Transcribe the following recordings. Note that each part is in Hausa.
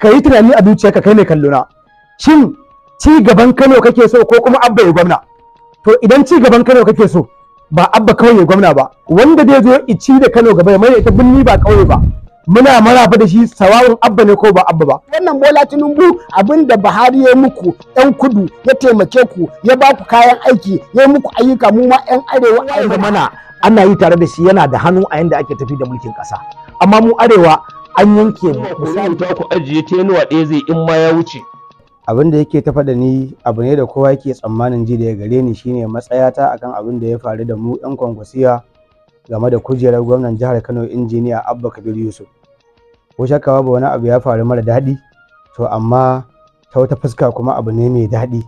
ka yi tunani a zuciyarka kai mai na shin ci gaban Kano kake so ko kuma abba ya gwamna to idan ci gaban Kano kake so ba abba kawai ya gwamna ba wanda zai zo ici da Kano gaba ya mai ita binni ba kauye ba muna maraba da shi sawawun abba ne ko ba abba ba wannan bola tinubu abin da buhari ya muku yan kudu ya taimake ku ya ba ku kayan aiki ya muku ayyuka mu ma yan arewa a mana ana yi tare da shi yana da hannu a yanda ake tafi da mulkin ƙasa amma mu arewa an yanke misali ta ku ajiye tenuwa ɗaya zai in ma ya wuce abin da yake ta faɗa ni abu ne da kowa yake tsammanin ji daga gare ni shine matsayata akan abin da ya faru da mu yan kwankwasiya game da kujerar gwamnan jihar Kano injiniya Abba Kabir Yusuf ko shakka babu wani abu ya faru mara daɗi to amma ta wata fuska kuma abu ne mai daɗi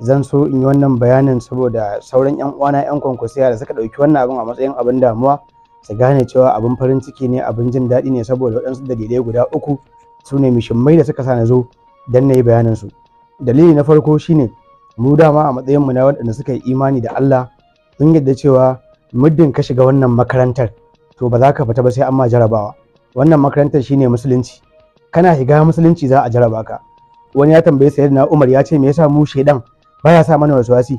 zan so in yi wannan bayanin saboda sauran yan uwana yan kwankwasiya da suka ɗauki wannan abin a matsayin abin damuwa su gane cewa abin farin ciki ne abin jin daɗi ne saboda waɗansu dalilai guda uku su ne mishimmai da suka sa na zo don na yi bayaninsu dalili na farko shine mu dama a matsayinmu na waɗanda suka yi imani da Allah sun yadda cewa muddin ka shiga wannan makarantar to ba za ka fita ba sai an ma jarabawa wannan makarantar shine musulunci kana shiga musulunci za a jaraba ka wani ya tambaye na Umar ya ce me yasa mu shedan baya sa mana wasu wasi.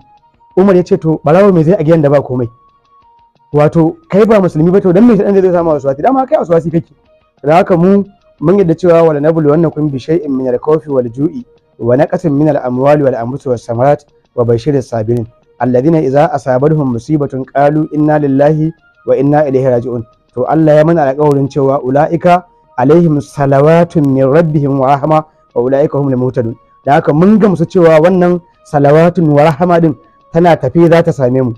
Umar ya ce to barawo me zai a gidan da ba komai wato kai ba musulmi ba to dan me shaɗan zai samu waswasi dama kai waswasi kake da haka mu mun yadda cewa wala nablu wannan kun bi shay'in min al kawfi wal ju'i wa naqatin min al-amwali wal anfusi was samarat wa bashirin sabirin alladhina idza asabatuhum musibatun qalu inna lillahi wa inna ilaihi raji'un to Allah ya mana alƙawarin cewa ula'ika alaihim salawatun min rabbihim wa rahma wa ula'ika hum lamutadun da haka mun gamsu cewa wannan salawatun wa rahma din tana tafi za ta same mu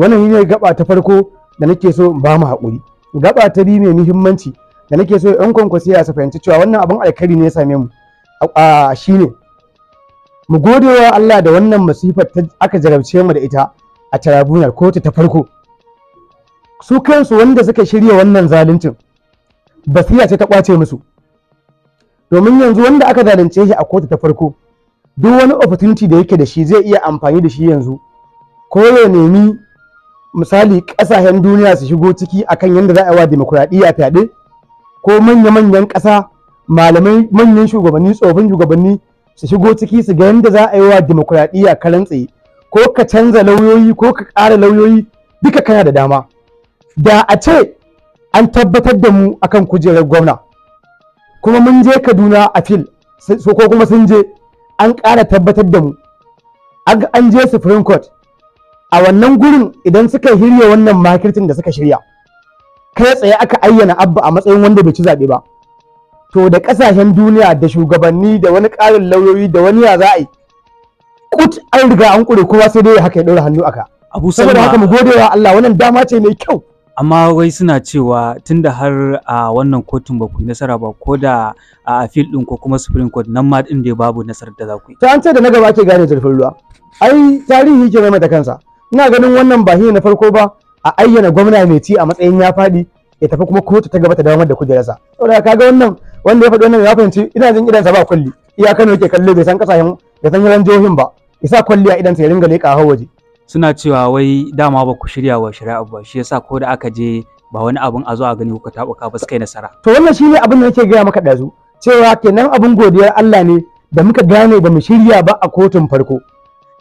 wannan ne gaba ta farko da nake so in ba mu haƙuri gaba ta bi mai muhimmanci da nake so yan kwankwasiya su fahimci cewa wannan abin alkari ne ya same mu a shine mu gode wa Allah da wannan masifar ta aka jarabce mu da ita a Tarabuna kotu ta farko su kansu wanda suka shirya wannan zaluncin basira ce ta kwace musu domin yanzu wanda aka zalunce shi a kotu ta farko duk wani opportunity da yake da shi zai iya amfani da shi yanzu ko ya nemi misali ƙasashen duniya su shigo ciki akan yadda za a yi wa demokuraɗiyya fyaɗe ko manya-manyan ƙasa malamai manyan shugabanni tsofin shugabanni su shigo ciki su ga yadda za a yi wa demokuraɗiyya karan tsaye ko ka canza lauyoyi ko ka ƙara lauyoyi duka kana da dama da a ce an tabbatar da mu akan kujerar gwamna kuma mun je kaduna a fil ko kuma sun je an ƙara tabbatar da mu an je supreme court a wannan gurin idan suka hirya wannan makircin da suka shirya kai tsaye aka ayyana abba a matsayin wanda bai ci zaɓe ba to da ƙasashen duniya da shugabanni da wani ƙarin lauyoyi da wani ya za a yi kut an riga an ƙure kowa sai dai haka ya ɗora hannu aka abu saboda haka mu gode wa Allah wannan dama ce mai kyau amma wai suna cewa tunda har a wannan kotun ba ku yi nasara ba ko da a appeal din ko kuma supreme court nan ma din da babu nasarar da za ku yi ta an ce da na gaba ke gane zurfin ruwa ai tarihi ke mai mata kansa ina ganin wannan ba na farko ba a ayyana gwamna mai ci a matsayin ya faɗi ya tafi kuma kotu ta gaba ta damar da kujerarsa saboda kaga wannan wanda ya faɗi wannan ya fahimci ina jin idansa ba kulli iya Kano yake kallo bai san kasashen bai san yaran jihohin ba isa kulli a idansa ya ringa leƙa a waje suna cewa wai dama ba ku shirya wa shari'a ba shi yasa ko da aka je ba wani abin a zo a gani kuka ba su kai nasara to wannan shine abin da nake gaya maka dazu cewa kenan abin godiyar Allah ne da muka gane ba mu shirya ba a kotun farko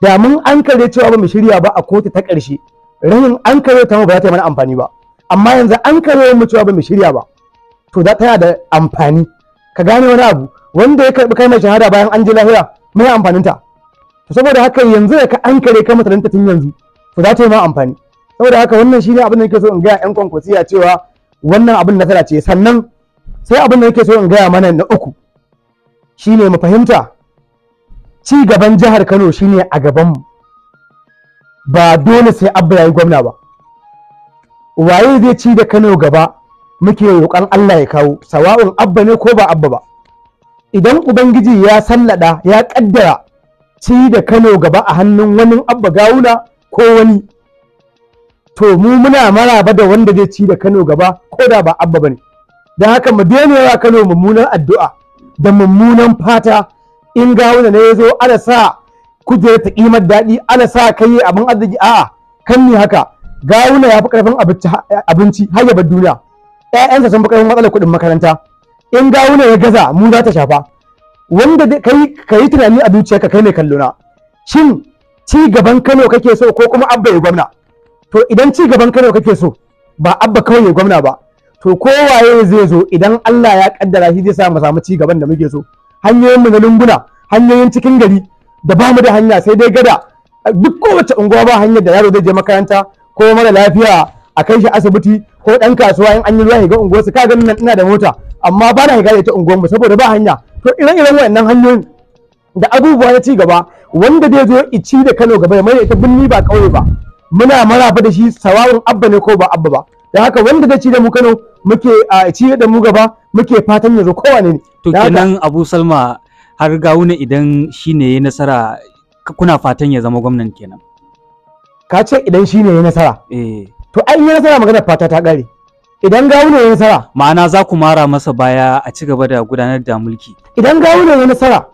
da mun an kare cewa ba mu shirya ba a kotu ta ƙarshe rahin an kare ta ba za ta yi mana amfani ba amma yanzu an kare mu cewa ba mu shirya ba to za ta da amfani ka gane wani abu wanda ya karɓi kalmar shahada bayan an je lahira mai amfanin ta to saboda haka yanzu da ka an kare kalmar talanta tun yanzu to za ta yi ma amfani saboda haka wannan shi ne abin da nake so in gaya yan kwankwasiya cewa wannan abin nasara ce sannan sai abin da nake so in gaya mana na uku shine mu fahimta ci gaban jihar Kano shine a gaban mu. ba dole sai abba yayi gwamna ba waye zai ci da Kano gaba muke roƙon Allah ya kawo sawa'un abba ne ko ba abba ba idan ubangiji ya sallada ya kaddara ci da Kano gaba a hannun wani abba gawuna ko wani to mu muna maraba da wanda zai ci da Kano gaba ko da ba abba bane don haka mu daina yawa Kano mummunan addu'a da mummunan fata in gawuna ne ya zo ana sa kujera ta kimar daɗi ana sa kai abin arziki a kan ni haka gawuna ya fi karfin abinci har ya bar duniya ƴaƴansa sun fi karfin matsalar kuɗin makaranta in gawuna ya gaza mu za ta shafa wanda kai kai tunani a zuciyarka kai mai kallona shin ci gaban Kano kake so ko kuma abba ya gwamna to idan ci gaban Kano kake so ba abba kawai ya gwamna ba to kowaye zai zo idan Allah ya kaddara shi zai sa mu samu ci gaban da muke so hanyoyin mu na lunguna hanyoyin cikin gari da ba mu da hanya sai dai gada duk kowace unguwa ba hanyar da yaro zai je makaranta ko mara lafiya a kai shi asibiti ko ɗan kasuwa in an yi ruwa shiga unguwar su kaga nan ina da mota amma ba na higa da ita unguwar mu saboda ba hanya to irin iren wayannan hanyoyin da abubuwa na ci gaba wanda zai zo ici da Kano gaba ya mai ita binni ba kauye ba muna maraba da shi sawawun abba ne ko ba abba ba da haka wanda zai ci da mu Kano muke a ci da mu gaba muke fatan yanzu kowane ne to kenan Abu Salma har gawuna idan shine ya nasara kuna fatan ya zama gwamnan kenan ka ce idan shine ya nasara eh to ai ya nasara magana fata ta kare idan gawuna ya nasara ma'ana za ku mara masa baya a ci gaba da gudanar da mulki idan gawuna ya nasara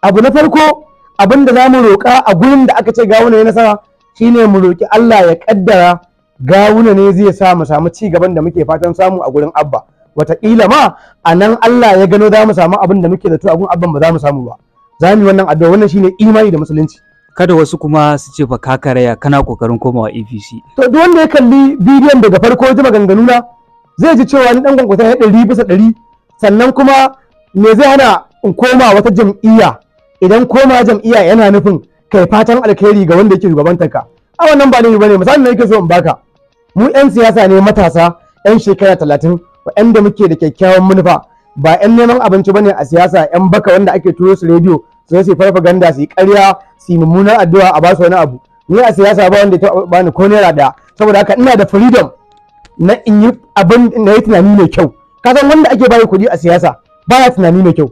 abu na farko abin da za mu roƙa a gurin da aka ce gawuna ya nasara shine mu roƙi Allah ya kaddara gawuna ne zai sa mu samu ci gaban da muke fatan samu a gurin abba wataƙila ma a nan Allah ya gano za mu samu abin da muke zato a gurin abban ba za mu samu ba za mu yi wannan addu'a wannan shine imani da musulunci kada wasu kuma su ce fa ka karaya kana kokarin komawa APC to duk wanda ya kalli bidiyon daga farko ji maganganu na zai ji cewa ni dan gwangwata ya ɗari bisa ɗari sannan kuma me zai hana in koma wata jam'iyya idan koma jam'iyya yana nufin kai fatan alkhairi ga wanda yake ka a wannan ba ne ne misalin da yake so in baka mu 'yan siyasa ne matasa 'yan shekara talatin waɗanda muke da kyakkyawan manufa ba 'yan neman abinci ne a siyasa 'yan baka wanda ake turo su rediyo su farfa ganda su yi ƙarya su yi mummunan addu'a a basu wani abu ni a siyasa ba wanda ya bani ko naira da saboda haka ina da freedom na in yi abin na yi tunani mai kyau ka san wanda ake bayar kuɗi a siyasa ba ya tunani mai kyau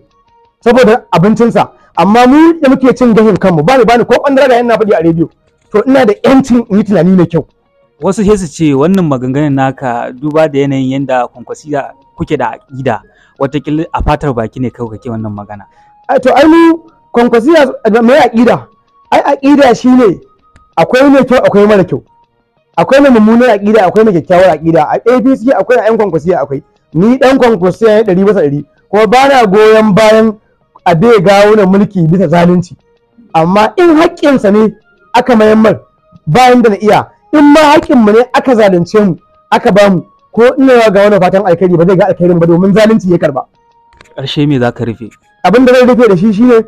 saboda abincinsa amma mu da muke cin gashin kanmu ba ni ba ni ko kwandara da yana faɗi a rediyo to ina da 'yancin in yi tunani mai kyau wasu sai su ce wannan maganganun naka duba da yanayin yadda kwankwasiya kuke da aƙida watakila a fatar baki ne kawai kake wannan magana to ai mu kwankwasiya mai aƙida ai aƙida shine akwai mai kyau akwai mara kyau akwai mai mummunar aƙida akwai mai kyakkyawar aƙida a APC akwai a 'yan akwai ni dan kwankwasiya yi ɗari bisa ɗari kuma ba na goyon bayan a bai gawo na mulki bisa zalunci amma in haƙƙinsa ne aka mayammar bayan da na iya in ma mu ne aka zalunce mu aka bamu ko ina yawa ga wani fatan alkhairi ba zai ga alkhairin ba domin zalunci ya karba ƙarshe me za ka rufe abin da zai rufe da shi shine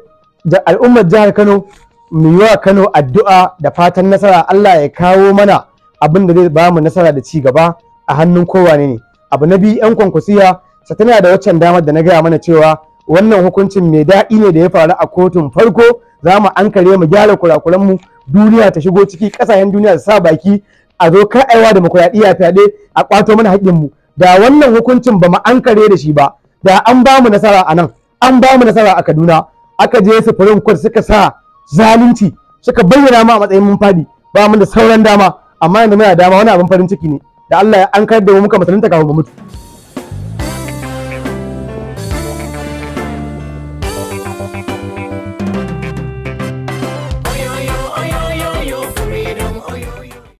al'ummar jihar Kano mu yi wa Kano addu'a da fatan nasara Allah ya kawo mana abin da zai ba mu nasara da ci gaba a hannun kowane ne abu na biyu yan kwankwasiya sa tana da waccan damar da na gaya mana cewa wannan hukuncin mai daɗi ne da ya faru a kotun farko za mu ankare mu gyara kurakuranmu duniya ta shigo ciki kasashen duniya su sa baki a zo kar aiwa demokuraɗiyya fyaɗe a kwato mana haƙƙinmu da wannan hukuncin ba mu an da shi ba da an ba mu nasara a nan an ba mu nasara a kaduna aka je supreme court suka sa zalunci suka bayyana mu a matsayin mun fadi ba mu da sauran dama amma yanzu muna dama wani abin farin ciki ne da Allah ya an da mu muka musulunta kafin mu mutu